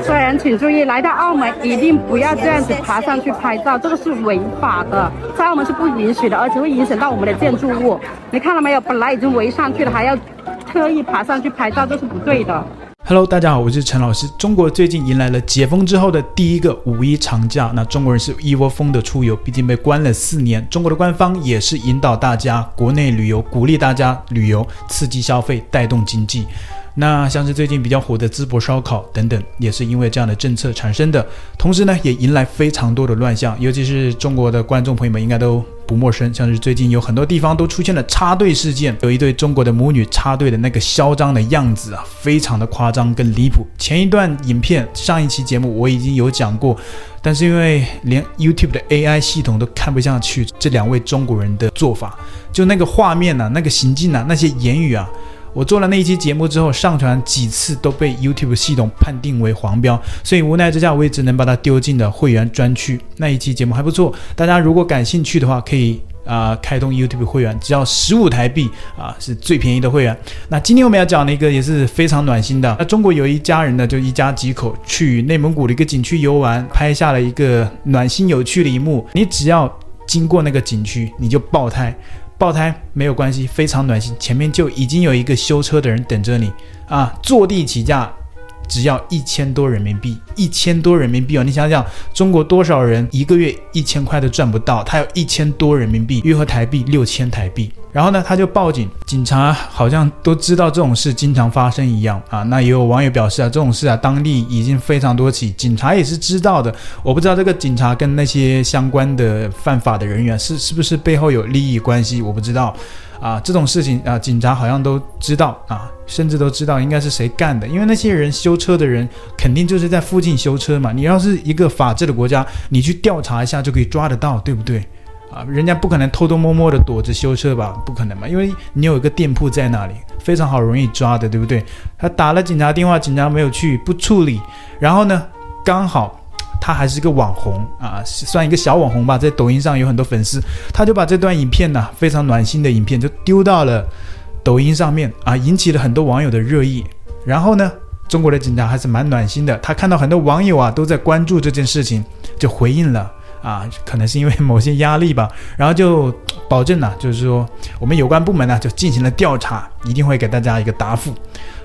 所以，請注意，來到澳門一定不要這樣子爬上去拍照，這個是違法的，在澳門是不允許的，而且會影響到我們的建築物。你看到沒有？本來已經圍上去了，還要特意爬上去拍照，這是不對的。Hello，大家好，我是陳老師。中國最近迎來了解封之後的第一個五一長假，那中國人是一窩蜂的出遊，畢竟被關了四年。中國的官方也是引導大家國內旅遊，鼓勵大家旅遊，刺激消費，帶動經濟。那像是最近比較火的淄博燒烤等等，也是因為這樣的政策產生的。同時呢，也迎來非常多的亂象，尤其是中國的觀眾朋友們應該都不陌生，像是最近有很多地方都出現了插隊事件，有一對中國的母女插隊的那個囂張的樣子啊，非常的誇張跟離譜。前一段影片上一期節目我已經有講過，但是因為連 YouTube 的 AI 系統都看不下去這兩位中國人的做法，就那個畫面吶、啊，那個行徑吶、啊，那些言語啊。我做了那一期節目之後，上傳幾次都被 YouTube 系統判定為黃標，所以無奈之下，我也只能把它丟進了會員專區。那一期節目還不錯，大家如果感興趣的話，可以啊、呃、開通 YouTube 會員，只要十五台幣啊、呃、是最便宜的會員。那今天我們要講的一個也是非常暖心的。那中國有一家人呢，就一家幾口去內蒙古的一個景區遊玩，拍下了一個暖心有趣的一幕。你只要經過那個景區，你就爆胎。爆胎沒有關係，非常暖心，前面就已經有一個修車的人等着你啊，坐地起價。只要一千多人民幣，一千多人民幣哦！你想想，中國多少人一個月一千塊都賺不到，他有一千多人民幣，約合台幣六千台幣。然後呢，他就報警，警察好像都知道這種事經常發生一樣啊。那也有網友表示啊，這種事啊，當地已經非常多起，警察也是知道的。我不知道這個警察跟那些相關的犯法的人員是是不是背後有利益關係，我不知道。啊，這種事情啊，警察好像都知道啊，甚至都知道應該是誰幹的，因為那些人修車的人肯定就是在附近修車嘛。你要是一個法治的國家，你去調查一下就可以抓得到，對不對？啊，人家不可能偷偷摸摸的躲着修車吧？不可能嘛，因為你有一個店鋪在那裡，非常好容易抓的，對不對？他打了警察電話，警察沒有去，不處理，然後呢，剛好。他還是一個網紅啊，算一個小網紅吧，在抖音上有很多粉絲。他就把這段影片呢，非常暖心的影片，就丟到了抖音上面啊，引起了很多網友的熱議。然後呢，中國的警察還是蠻暖心的，他看到很多網友啊都在關注這件事情，就回應了啊，可能是因為某些壓力吧，然後就保證呢，就是說我們有關部門呢就進行了調查，一定會給大家一個答覆，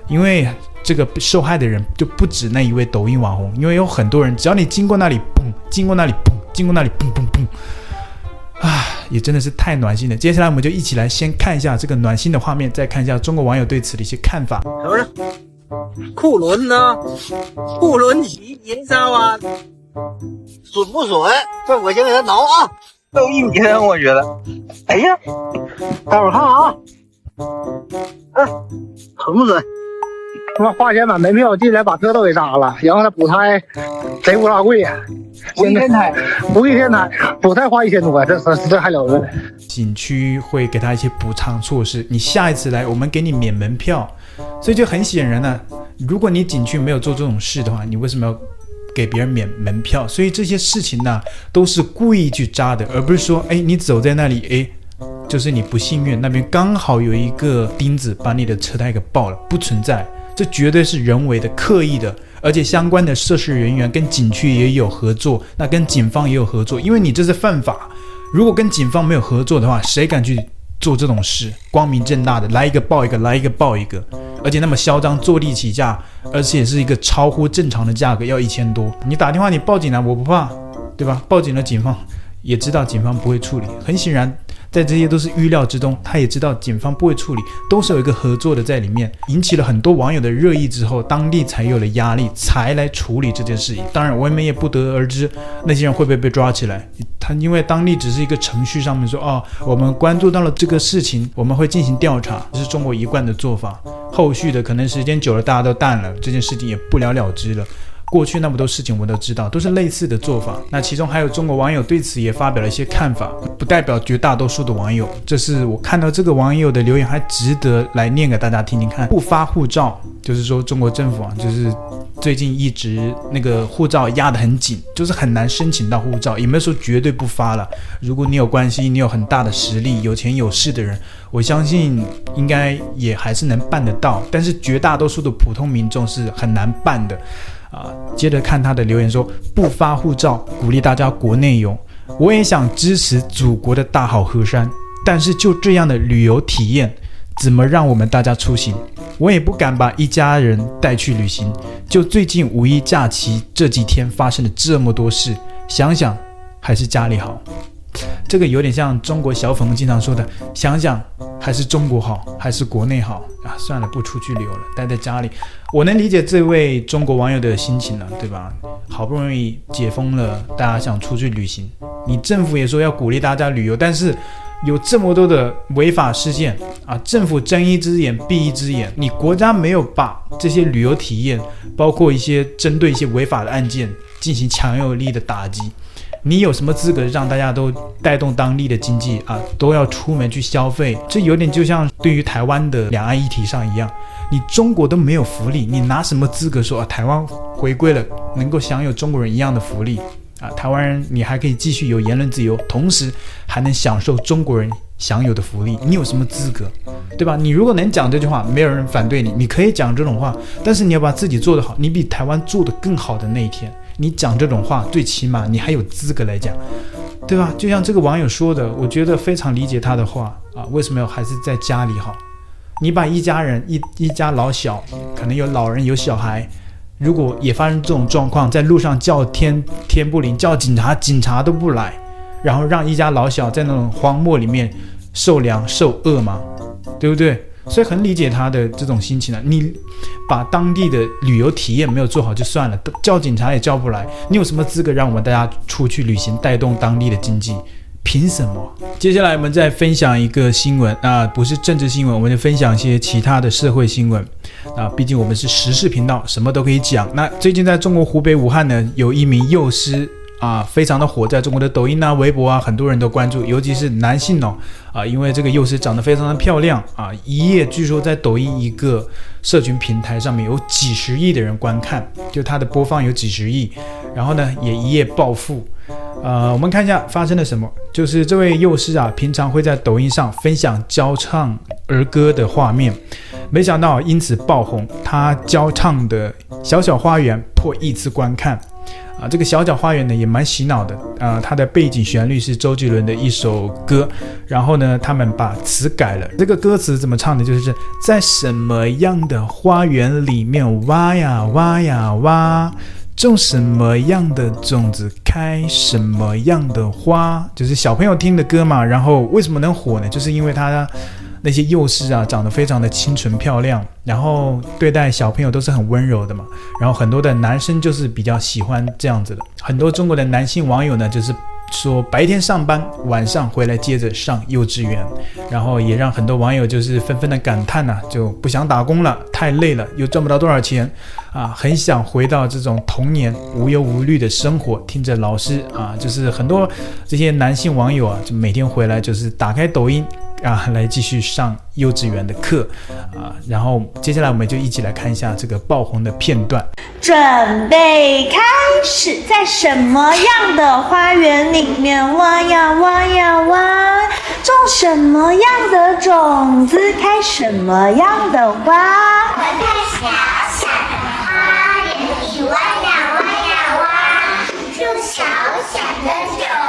因為。這個受害的人就不止那一位抖音網紅，因為有很多人，只要你經過那裡，嘣，經過那裡，嘣，經過那裡，嘣嘣嘣，啊，也真的是太暖心了。接下來我們就一起來先看一下這個暖心的畫面，再看一下中國網友對此的一些看法。什麼呢？庫倫呢？庫倫旗銀沙灣，準不準？這我先給他撓啊，夠一年我覺得。哎呀，待會兒看啊，嗯、哎，很不準？他媽花錢買門票進來，把車都給紮了，然後他補胎，賊烏拉貴呀！先天，先天，先天補胎，補一天胎，補胎花一千多塊，這這還了得。景區會給他一些補償措施，你下一次來，我們給你免門票。所以就很顯然呢，如果你景區沒有做這種事的話，你為什麼要給別人免門票？所以這些事情呢，都是故意去扎的，而不是說，哎，你走在那裡，哎，就是你不幸運，那邊剛好有一個釘子把你的車胎給爆了，不存在。這絕對是人為的、刻意的，而且相關的涉事人員跟景區也有合作，那跟警方也有合作，因為你這是犯法。如果跟警方沒有合作的話，誰敢去做這種事？光明正大的來一個報一個，來一個報一個，而且那麼囂張，坐地起價，而且是一個超乎正常的價格，要一千多。你打電話，你報警了，我不怕，對吧？報警了，警方也知道，警方不會處理。很顯然。在這些都是預料之中，他也知道警方不會處理，都是有一個合作的在裡面，引起了很多網友的熱議之後，當地才有了壓力，才來處理這件事情。當然，我們也不得而知，那些人會不會被抓起來？他因為當地只是一個程序上面說，哦，我們關注到了這個事情，我們會進行調查，這是中國一貫的做法。後續的可能時間久了，大家都淡了，這件事情也不了了之了。過去那麼多事情，我都知道，都是類似的做法。那其中還有中國網友對此也發表了一些看法，不代表絕大多數的網友。這是我看到這個網友的留言，還值得來念給大家聽聽看。不發護照，就是說中國政府啊，就是最近一直那個護照壓得很緊，就是很難申請到護照，也沒有說絕對不發了。如果你有關係，你有很大的實力，有錢有勢的人，我相信應該也還是能辦得到。但是絕大多數的普通民眾是很難辦的。啊，接着看他的留言說，不發護照，鼓勵大家國內遊。我也想支持祖國的大好河山，但是就這樣的旅遊體驗，怎麼讓我們大家出行？我也不敢把一家人帶去旅行。就最近五一假期這幾天發生了這麼多事，想想還是家裡好。這個有點像中國小粉紅經常說的，想想。還是中國好，還是國內好啊！算了，不出去旅遊了，待在家裡。我能理解這位中國網友的心情了，對吧？好不容易解封了，大家想出去旅行。你政府也說要鼓勵大家旅遊，但是有這麼多的違法事件啊！政府睜一只眼閉一只眼，你國家沒有把這些旅遊體驗，包括一些針對一些違法的案件進行強有力的打擊。你有什麼資格讓大家都帶動當地的經濟啊？都要出門去消費，這有點就像對於台灣的兩岸議題上一樣，你中國都沒有福利，你拿什麼資格說啊？台灣回歸了能夠享有中國人一樣的福利啊？台灣人你還可以繼續有言論自由，同時還能享受中國人享有的福利，你有什麼資格？對吧？你如果能講這句話，沒有人反對你，你可以講這種話，但是你要把自己做得好，你比台灣做得更好的那一天。你講這種話，最起碼你還有資格來講，對吧？就像這個網友說的，我覺得非常理解他的話啊。為什麼要還是在家裡好？你把一家人一一家老小，可能有老人有小孩，如果也發生這種狀況，在路上叫天天不靈，叫警察警察都不來，然後讓一家老小在那種荒漠裡面受涼受餓嘛，對不對？所以很理解他的這種心情啊，你把當地的旅遊體驗沒有做好就算了，叫警察也叫不來，你有什麼資格讓我們大家出去旅行，帶動當地的經濟？憑什麼？接下來我們再分享一個新聞，啊、呃，不是政治新聞，我們就分享一些其他的社會新聞。啊、呃，畢竟我們是時事頻道，什麼都可以講。那最近在中國湖北武漢呢，有一名幼師。啊，非常的火，在中國的抖音啊、微博啊，很多人都關注，尤其是男性哦，啊，因為這個幼師長得非常的漂亮啊，一夜據說在抖音一個社群平台上面有幾十億的人觀看，就他的播放有幾十億，然後呢也一夜暴富，呃，我們看一下發生了什麼，就是這位幼師啊，平常會在抖音上分享教唱兒歌的畫面，沒想到因此爆紅，他教唱的《小小花園》破億次觀看。啊，這個小腳花園呢也蠻洗腦的啊、呃，它的背景旋律是周杰倫的一首歌，然後呢，他們把詞改了。這個歌詞怎麼唱的？就是在什麼樣的花園裡面挖呀挖呀挖，種什麼樣的種子，開什麼樣的花，就是小朋友聽的歌嘛。然後為什麼能火呢？就是因為它。那些幼師啊，長得非常的清純漂亮，然後對待小朋友都是很溫柔的嘛。然後很多的男生就是比較喜歡這樣子的。很多中國的男性網友呢，就是說白天上班，晚上回來接着上幼稚園，然後也讓很多網友就是紛紛的感嘆吶，就不想打工了，太累了，又賺不到多少錢，啊，很想回到這種童年無憂無慮的生活。聽着老師啊，就是很多這些男性網友啊，就每天回來就是打開抖音。啊，來繼續上幼稚園的課啊，然後接下來我們就一起來看一下這個爆紅的片段。準備開始，在什麼樣的花園裡面挖呀挖呀挖，種什麼樣的種子，開什麼樣的花？我在小小的花園裡挖呀挖呀挖，種小小的種。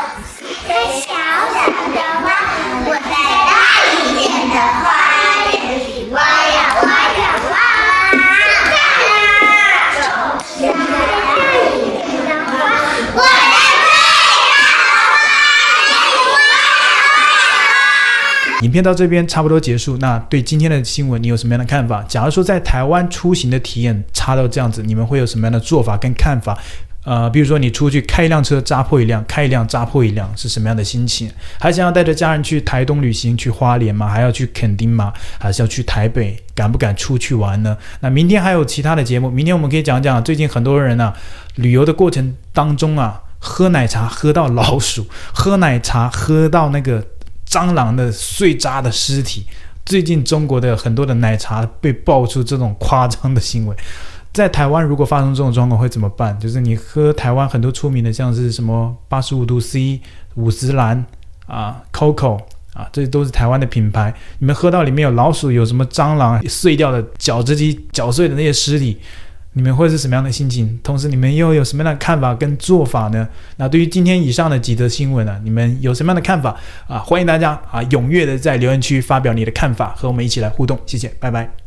影片到這邊差不多結束。那對今天的新聞你有什麼樣的看法？假如說在台灣出行的體驗差到這樣子，你們會有什麼樣的做法跟看法？呃，比如說你出去開一輛車扎破一輛，開一輛扎破一輛，是什麼樣的心情？還想要帶着家人去台東旅行，去花蓮嗎？還要去墾丁嗎？還是要去台北？敢不敢出去玩呢？那明天還有其他的節目，明天我們可以講講最近很多人啊，旅遊的過程當中啊，喝奶茶喝到老鼠，喝奶茶喝到那個。蟑螂的碎渣的屍體，最近中國的很多的奶茶被爆出這種誇張的行為，在台灣如果發生這種狀況會怎麼辦？就是你喝台灣很多出名的，像是什麼八十五度 C、五十嵐啊、Coco 啊，這都是台灣的品牌，你們喝到裡面有老鼠、有什麼蟑螂碎掉的絞汁機、絞碎的那些屍體。你們會是什麼樣的心情？同時，你們又有什麼樣的看法跟做法呢？那對於今天以上的幾則新聞呢，啊，你們有什麼樣的看法啊？歡迎大家啊，踴躍的在留言區發表你的看法，和我們一起來互動。謝謝，拜拜。